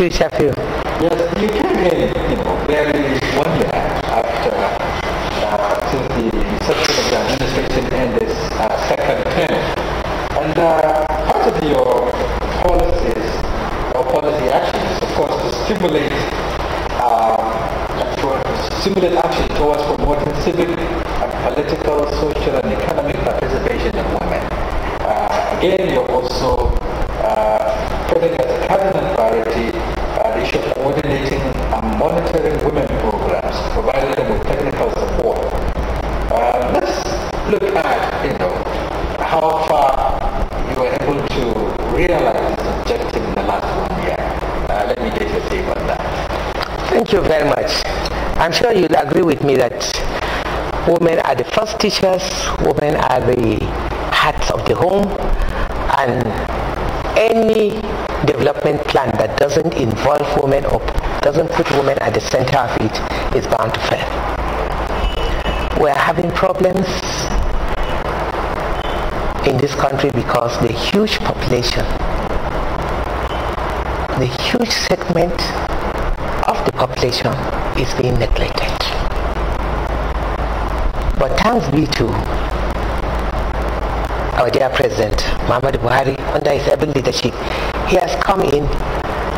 you, Sheffield. sure you'll agree with me that women are the first teachers, women are the hearts of the home, and any development plan that doesn't involve women or doesn't put women at the center of it is bound to fail. We are having problems in this country because the huge population, the huge segment of the population is being neglected. But thanks be to our dear President Muhammad Buhari, under his able leadership, he has come in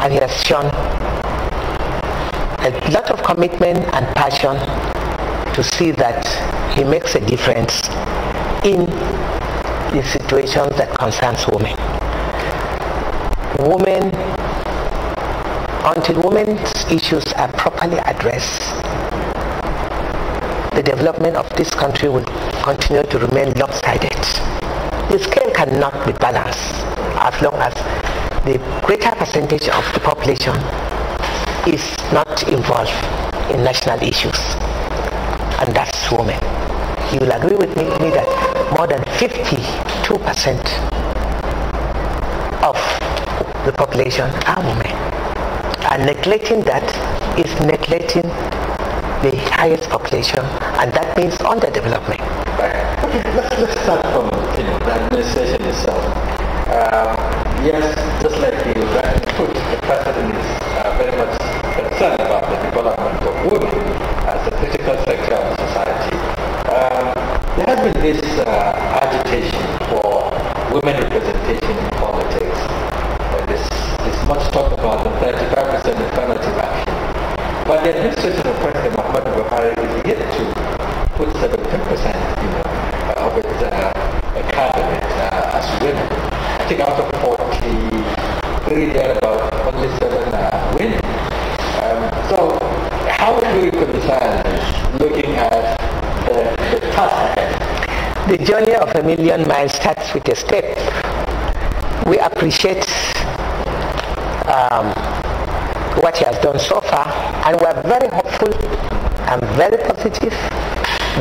and he has shown a lot of commitment and passion to see that he makes a difference in the situations that concerns women. Women until women's issues are properly addressed, the development of this country will continue to remain lopsided. The scale cannot be balanced as long as the greater percentage of the population is not involved in national issues. And that's women. You will agree with me, me that more than 52% of the population are women. And neglecting that is neglecting the highest population, and that means underdevelopment. Right. Okay, let's, let's start from you know, the administration itself. Uh, yes, just like you rightly put, the president is uh, very much concerned about the development of women as a critical sector of society. Um, there has been this uh, agitation for women representation much talk about the 35% affirmative action. But the administration of President Muhammad Buhari is yet to put 17% you know, uh, of its uh, uh cabinet uh, as women. I think out of 43 there about only 7 are uh, women. Um, so how do we reconcile this looking at the, the task ahead? The journey of a million miles starts with a step. We appreciate um, what he has done so far, and we are very hopeful and very positive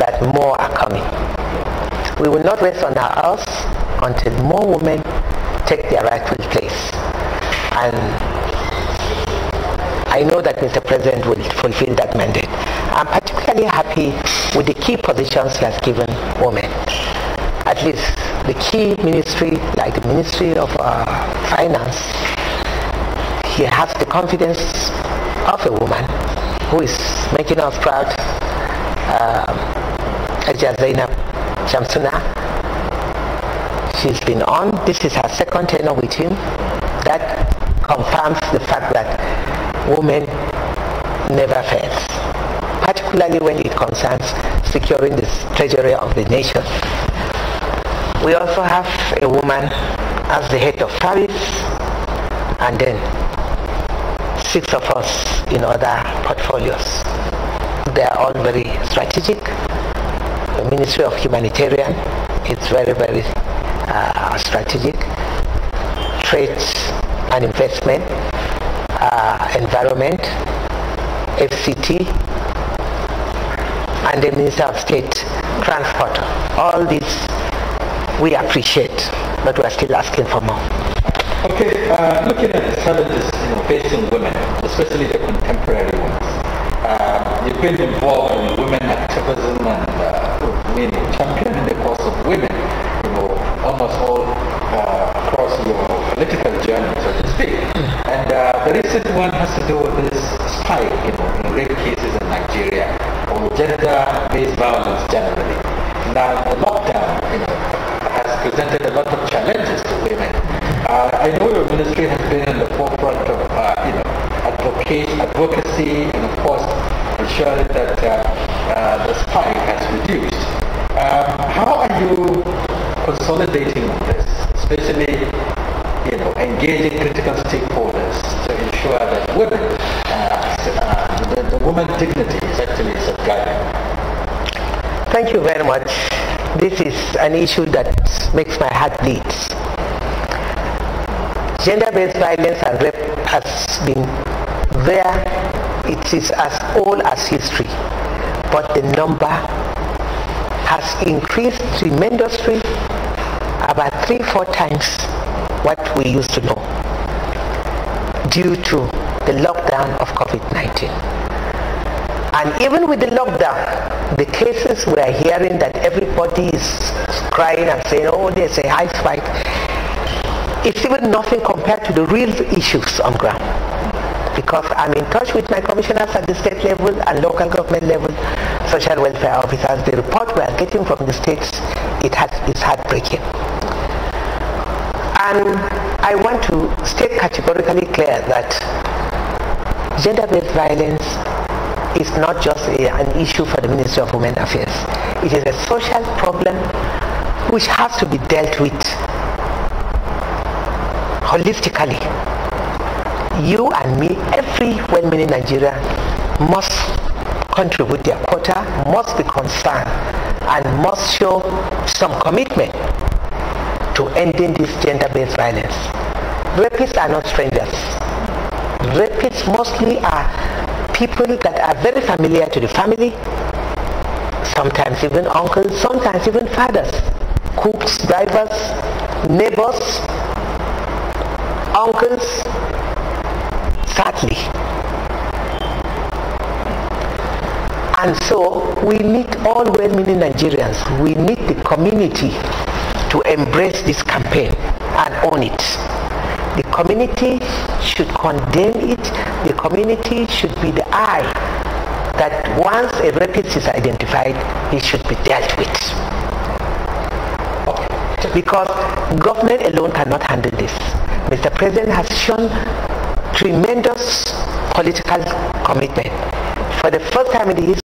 that more are coming. We will not rest on our house until more women take their rightful place. And I know that Mr. President will fulfill that mandate. I'm particularly happy with the key positions he has given women. At least the key ministry, like the Ministry of uh, Finance, he has the confidence of a woman who is making us proud uh, Aja Zainab she's been on this is her second tenure with him that confirms the fact that women never fails particularly when it concerns securing the treasury of the nation we also have a woman as the head of service and then six of us in other portfolios. They are all very strategic. The Ministry of Humanitarian is very, very uh, strategic. Trade and investment, uh, environment, FCT, and the Minister of State, transport. All these we appreciate, but we are still asking for more. Okay. Uh, looking at the challenges you know, facing women, especially the contemporary ones. Uh, you've been involved in women activism and uh, championing the cause of women, you know, almost all uh, across your political journey, so to speak. And uh, the recent one has to do with this spike you know, in rape cases in Nigeria or gender-based violence generally. Now, the lockdown you know, has presented a lot of challenges. Ministry has been in the forefront of uh, you know, advocate, advocacy and of course ensuring that uh, uh, the spike has reduced. Um, how are you consolidating on this, especially you know, engaging critical stakeholders to ensure that women, uh, uh the, the woman dignity is actually safeguarded? Thank you very much. This is an issue that makes my heart beat gender-based violence and rape has been there. It is as old as history, but the number has increased tremendously, about three, four times what we used to know due to the lockdown of COVID-19. And even with the lockdown, the cases we are hearing that everybody is crying and saying, oh, there's a high spike it's even nothing compared to the real issues on ground because I'm in touch with my commissioners at the state level and local government level, social welfare officers. The report we are getting from the states, it has, is heartbreaking. And I want to state categorically clear that gender-based violence is not just a, an issue for the Ministry of Women Affairs. It is a social problem which has to be dealt with holistically you and me every woman in Nigeria must contribute their quota must be concerned and must show some commitment to ending this gender-based violence rapists are not strangers rapists mostly are people that are very familiar to the family sometimes even uncles sometimes even fathers cooks drivers neighbors uncles, sadly. And so we need all well-meaning Nigerians, we need the community to embrace this campaign and own it. The community should condemn it. The community should be the eye that once a rapist is identified, he should be dealt with. Because government alone cannot handle this. Mr. President has shown tremendous political commitment. For the first time in the history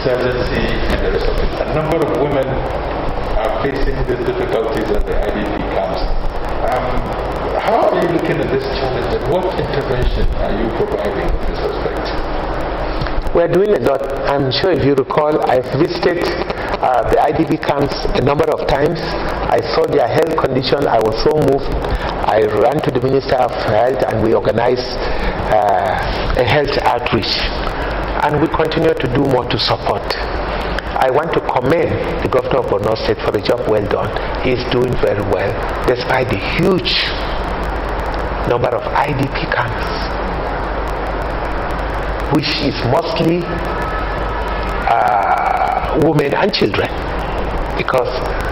and the rest of it. A number of women are facing these difficulties at the IDP camps. Um, how are you looking at this challenge and what intervention are you providing in this respect? We're doing a lot. I'm sure if you recall, I've visited uh, the IDP camps a number of times. I saw their health condition. I was so moved. I ran to the Minister of Health and we organized uh, a health outreach and we continue to do more to support. I want to commend the governor of Borno State for the job well done. He is doing very well despite the huge number of IDP camps, which is mostly uh, women and children. Because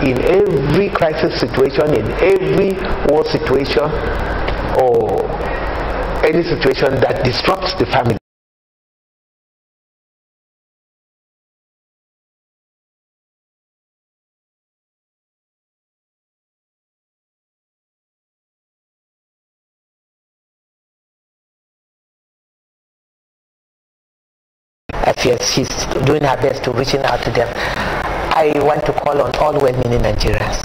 in every crisis situation, in every war situation, or any situation that disrupts the family, Yes, She's doing her best to reaching out to them. I want to call on all well-meaning Nigerians.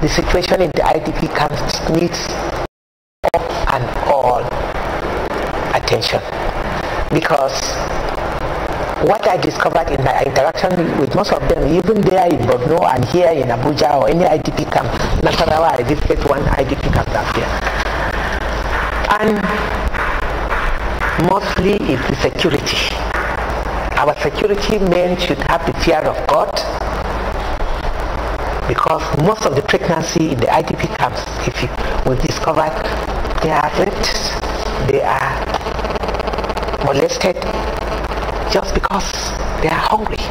The situation in the IDP camps needs all and all attention because what I discovered in my interaction with most of them, even there in Borno and here in Abuja or any IDP camp, Nasarawa, I visited one IDP camp up here. And mostly is the security. Our security men should have the fear of God because most of the pregnancy in the IDP camps, if you will discover, they are raped, they are molested just because they are hungry.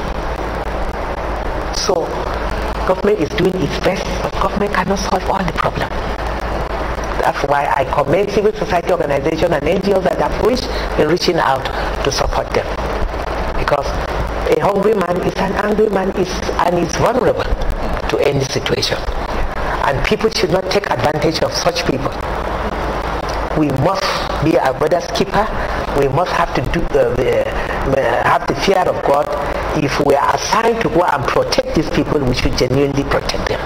So government is doing its best, but government cannot solve all the problems. That's why I commend civil society organizations and NGOs that are reached in reaching out to support them. Because a hungry man is an angry man is, and is vulnerable to any situation. And people should not take advantage of such people. We must be our brother's keeper. We must have to do, uh, uh, have the fear of God. If we are assigned to go and protect these people, we should genuinely protect them.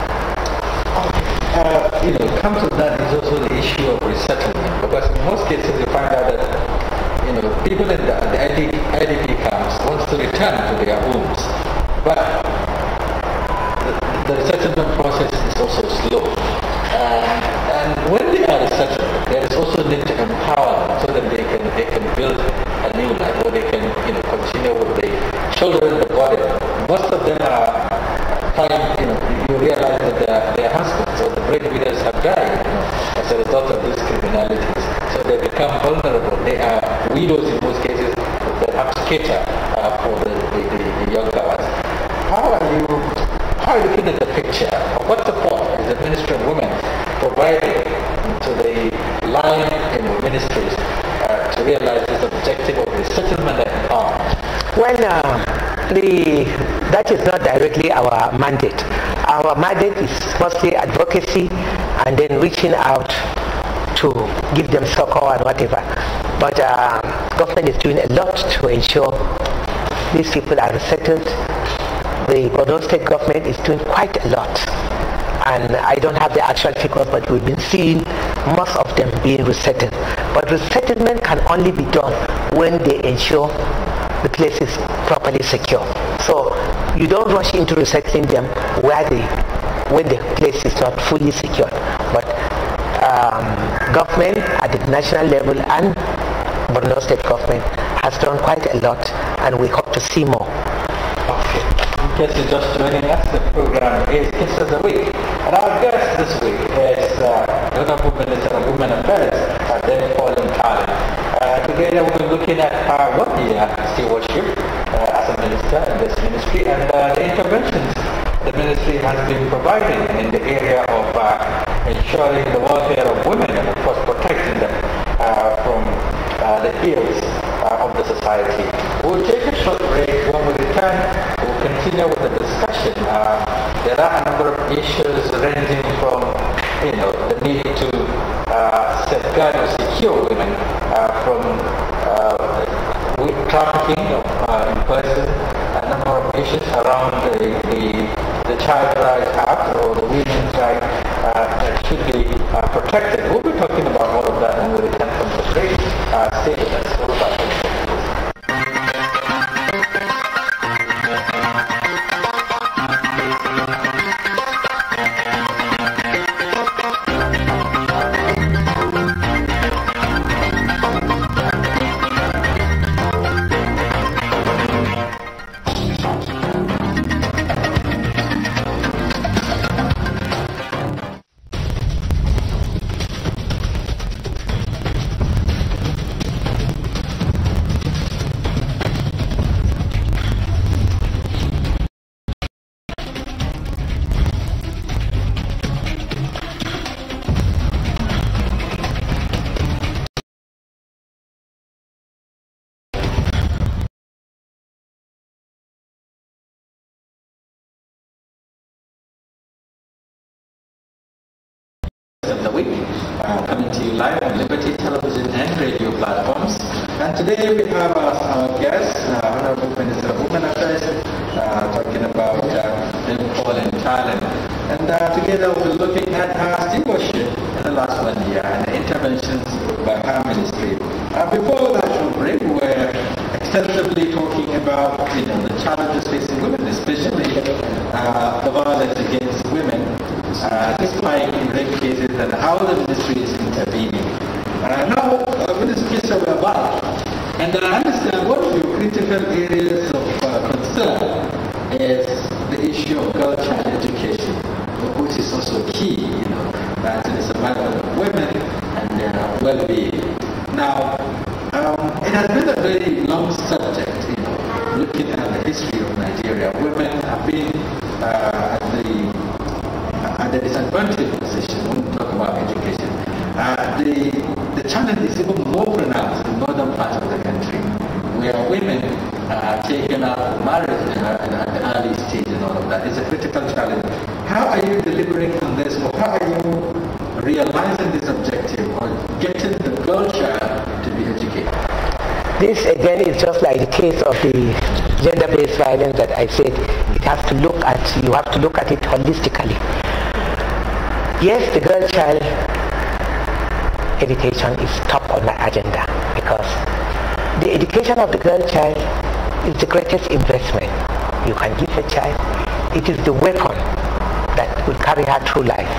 Uh, you know, comes to that is issue of resettlement. Because in most cases, you find out that you know people in the, the IDP, IDP camps wants to return to their homes, but the, the resettlement process is also slow. is not directly our mandate. Our mandate is mostly advocacy and then reaching out to give them support and whatever. But uh, government is doing a lot to ensure these people are resettled. The Bordeaux state government is doing quite a lot. And I don't have the actual figures, but we've been seeing most of them being resettled. But resettlement can only be done when they ensure the place is properly secure. So you don't rush into recycling them where the where the place is not fully secure. But um, government at the national level and Borno state government has done quite a lot, and we hope to see more. Okay. In case you're just joining us, the program is Kisses a Week. And our guest this week is uh, Honorable Minister of Women Affairs, uh, Dame Pauline Carlin. Uh, together we'll be looking at her one year stewardship minister and this ministry and uh, the interventions the ministry has been providing in the area of uh, ensuring the welfare of women and of course protecting them uh, from uh, the ills uh, of the society. We'll take a short break. When we return, we'll continue with the discussion. Uh, there are a number of issues ranging from you know, the need to safeguard or secure women from trafficking of uh, issues around the, the, the child rights act or the women's rights uh, that should be uh, protected. We'll be talking about all of that in the recent conversation uh, status. of the Week, uh, coming to you live on Liberty Television and radio platforms. And today we have as our guest, uh, Minister of Women Affairs, uh, talking about Nepal uh, and Thailand. And uh, together we'll be looking at her stewardship in the last one year and the interventions by her ministry. before that, break, we were extensively talking about you know, the challenges facing women, especially the violence against uh, might in that case that how the ministry is intervening. Uh, now, uh, ministries are about, and I understand one of your critical areas of uh, concern is the issue of girl child education, which is also key the case of the gender-based violence that I said, it has to look at, you have to look at it holistically. Yes, the girl child education is top on my agenda because the education of the girl child is the greatest investment you can give a child. It is the weapon that will carry her through life.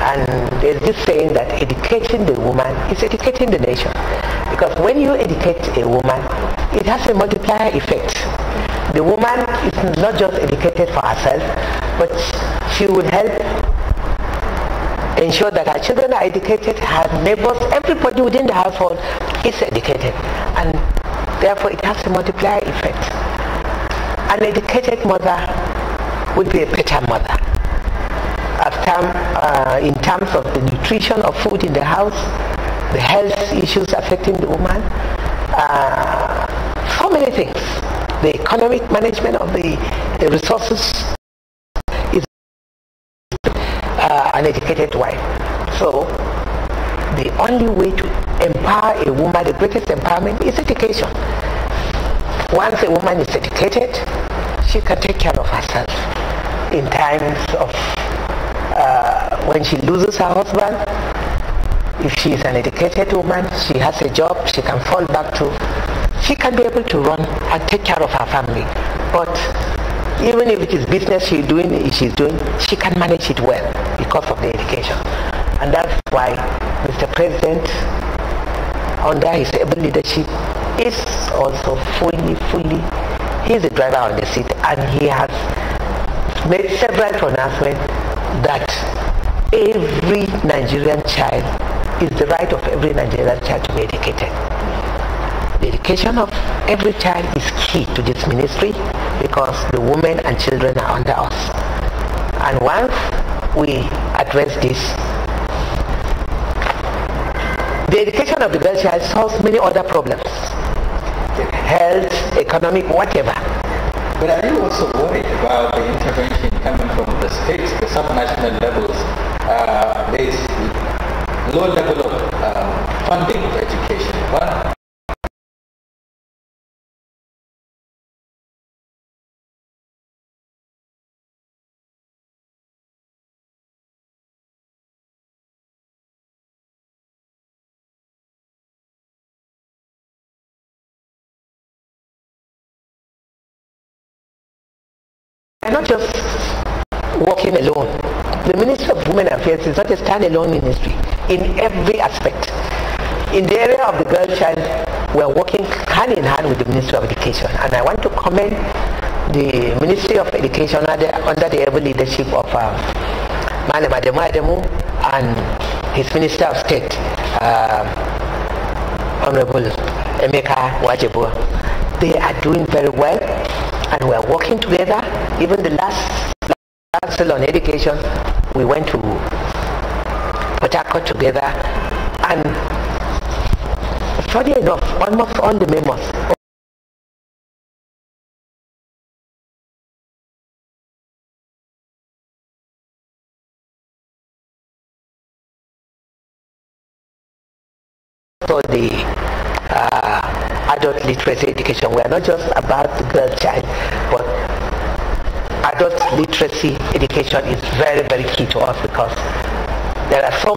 And there's this saying that educating the woman is educating the nation. Because when you educate a woman, it has a multiplier effect. The woman is not just educated for herself, but she will help ensure that her children are educated, her neighbors, everybody within the household is educated. And therefore it has a multiplier effect. An educated mother would be a better mother. uh, in terms of the nutrition of food in the house, the health issues affecting the woman, many things. The economic management of the, the resources is uh, an educated wife. So the only way to empower a woman, the greatest empowerment is education. Once a woman is educated, she can take care of herself in times of uh, when she loses her husband. If she is an educated woman, she has a job she can fall back to she can be able to run and take care of her family. But even if it is business she's doing, she's doing, she can manage it well because of the education. And that's why Mr. President, under his able leadership, is also fully, fully, he's the driver on the seat and he has made several pronouncements that every Nigerian child is the right of every Nigerian child to be educated education of every child is key to this ministry because the women and children are under us. And once we address this, the education of the girl child solves many other problems. Health, economic, whatever. But are you also worried about the intervention coming from the states, the subnational levels? Uh, there is low level of um, funding for education. One are not just working alone. The Ministry of Women Affairs is not a standalone ministry in every aspect. In the area of the girl child, we are working hand in hand with the Ministry of Education. And I want to commend the Ministry of Education under, under the able leadership of uh, Malam and his Minister of State, uh, Honorable Emeka Wajibua. They are doing very well and we are working together. Even the last Council on Education, we went to Port together, and funny enough, almost all the members. the literacy education. We are not just about the girl child, but adult literacy education is very, very key to us because there are so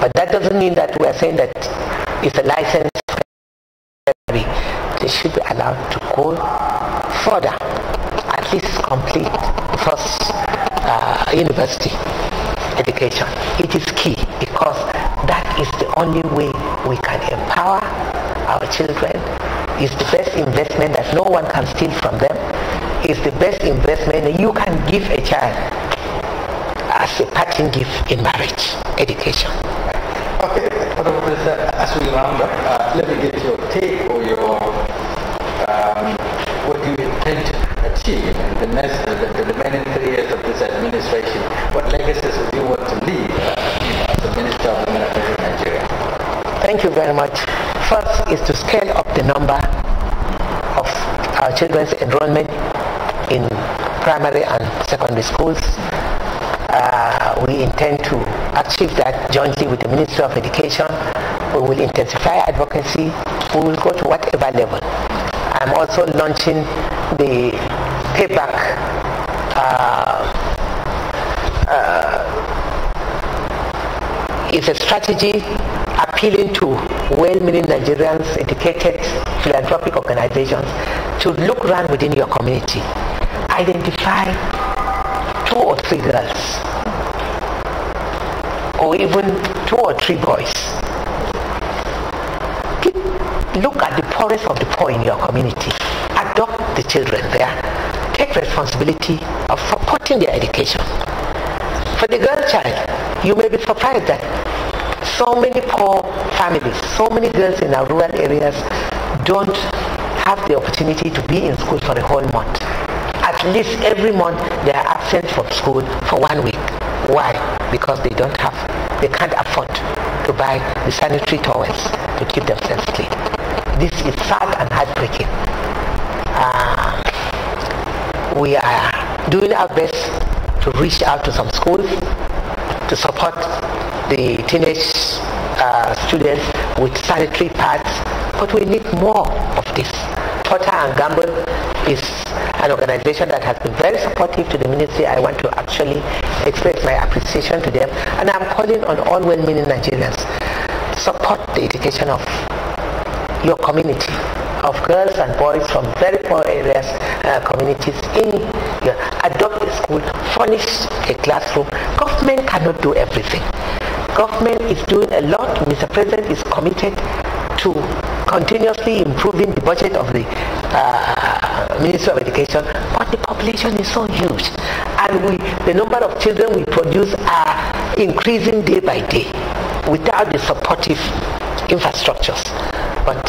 But that doesn't mean that we are saying that it's a license for They should be allowed to go further, at least complete first uh, university education. It is key because that is the only way we can empower our children. It's the best investment that no one can steal from them. It's the best investment you can give a child as a parting gift in marriage, education. Okay, Honorable Minister, uh, as we round up, uh, let me get your take or your um, what you intend to achieve in the next, the, uh, the, remaining three years of this administration. What legacies do you want to leave uh, as the Minister of Women Affairs in Nigeria? Thank you very much. First is to scale up the number of our children's enrollment in primary and secondary schools uh, we intend to achieve that jointly with the Ministry of Education. We will intensify advocacy. We will go to whatever level. I'm also launching the payback uh, uh, it's a strategy appealing to well-meaning Nigerians, educated philanthropic organizations to look around within your community, identify two or three girls or even two or three boys look at the poorest of the poor in your community adopt the children there take responsibility of supporting their education for the girl child you may be surprised that so many poor families so many girls in our rural areas don't have the opportunity to be in school for a whole month at least every month they are absent from school for one week. Why? Because they don't have, they can't afford to buy the sanitary towels to keep themselves clean. This is sad and heartbreaking. Uh, we are doing our best to reach out to some schools to support the teenage uh, students with sanitary pads, but we need more of this. Potter and Gamble is an organization that has been very supportive to the ministry. I want to actually express my appreciation to them. And I'm calling on all well-meaning Nigerians, support the education of your community of girls and boys from very poor areas, uh, communities in your adopt a school, furnish a classroom. Government cannot do everything. Government is doing a lot. Mr. President is committed to continuously improving the budget of the uh, Ministry of Education, but the population is so huge. And we, the number of children we produce are increasing day by day without the supportive infrastructures. But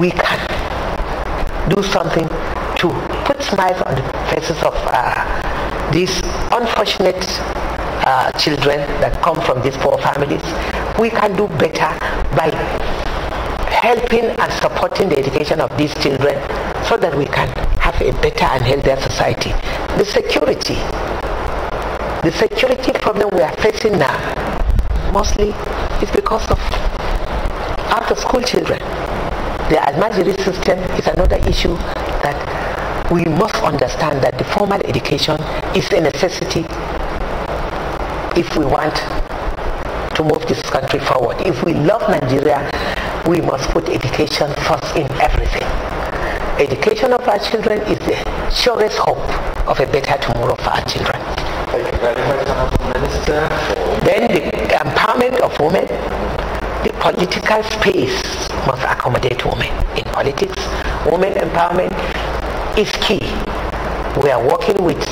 we can do something to put smiles on the faces of uh, these unfortunate uh, children that come from these poor families. We can do better by helping and supporting the education of these children so that we can have a better and healthier society. The security, the security problem we are facing now, mostly is because of out of school children. The Almajiri system is another issue that we must understand that the formal education is a necessity if we want to move this country forward. If we love Nigeria, we must put education first in everything education of our children is the surest hope of a better tomorrow for our children. Thank you very much, Honourable Minister. Then the empowerment of women, the political space must accommodate women in politics. Women empowerment is key. We are working with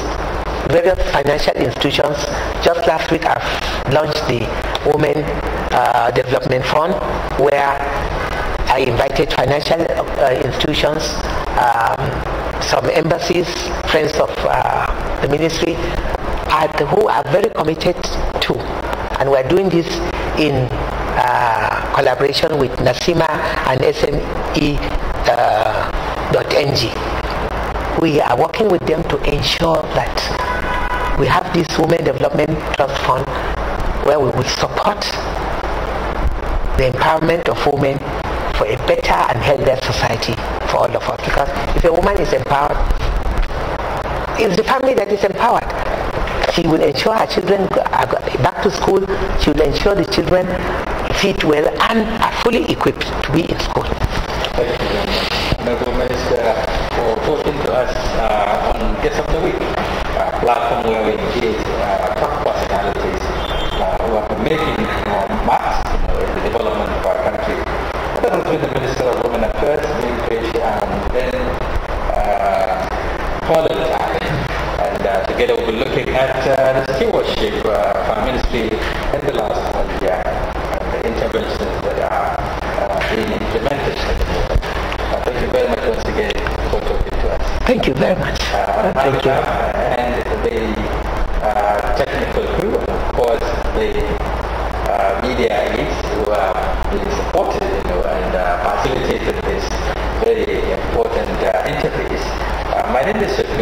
various financial institutions. Just last week, I've launched the Women uh, Development Fund, where I invited financial uh, institutions, um, some embassies, friends of uh, the ministry, at, who are very committed to. And we're doing this in uh, collaboration with Nasima and SME.ng. we are working with them to ensure that we have this Women Development Trust Fund where we will support the empowerment of women for a better and healthier society for all of us. Because if a woman is empowered, it's the family that is empowered. She will ensure her children are uh, back to school. She will ensure the children fit well and are fully equipped to be in school. Thank you, Honorable Minister, for talking to us uh, on Guest of the Week, a platform where we engage uh, top personalities uh, who are making with the Minister of Women Affairs, Neil Page, and then uh, And uh, together we'll be looking at uh, the stewardship uh, the ministry in the last one year and the interventions that are uh, being implemented. thank you very much once again for talking to us. Thank you very much. Uh, thank you. And uh, the technical That's it.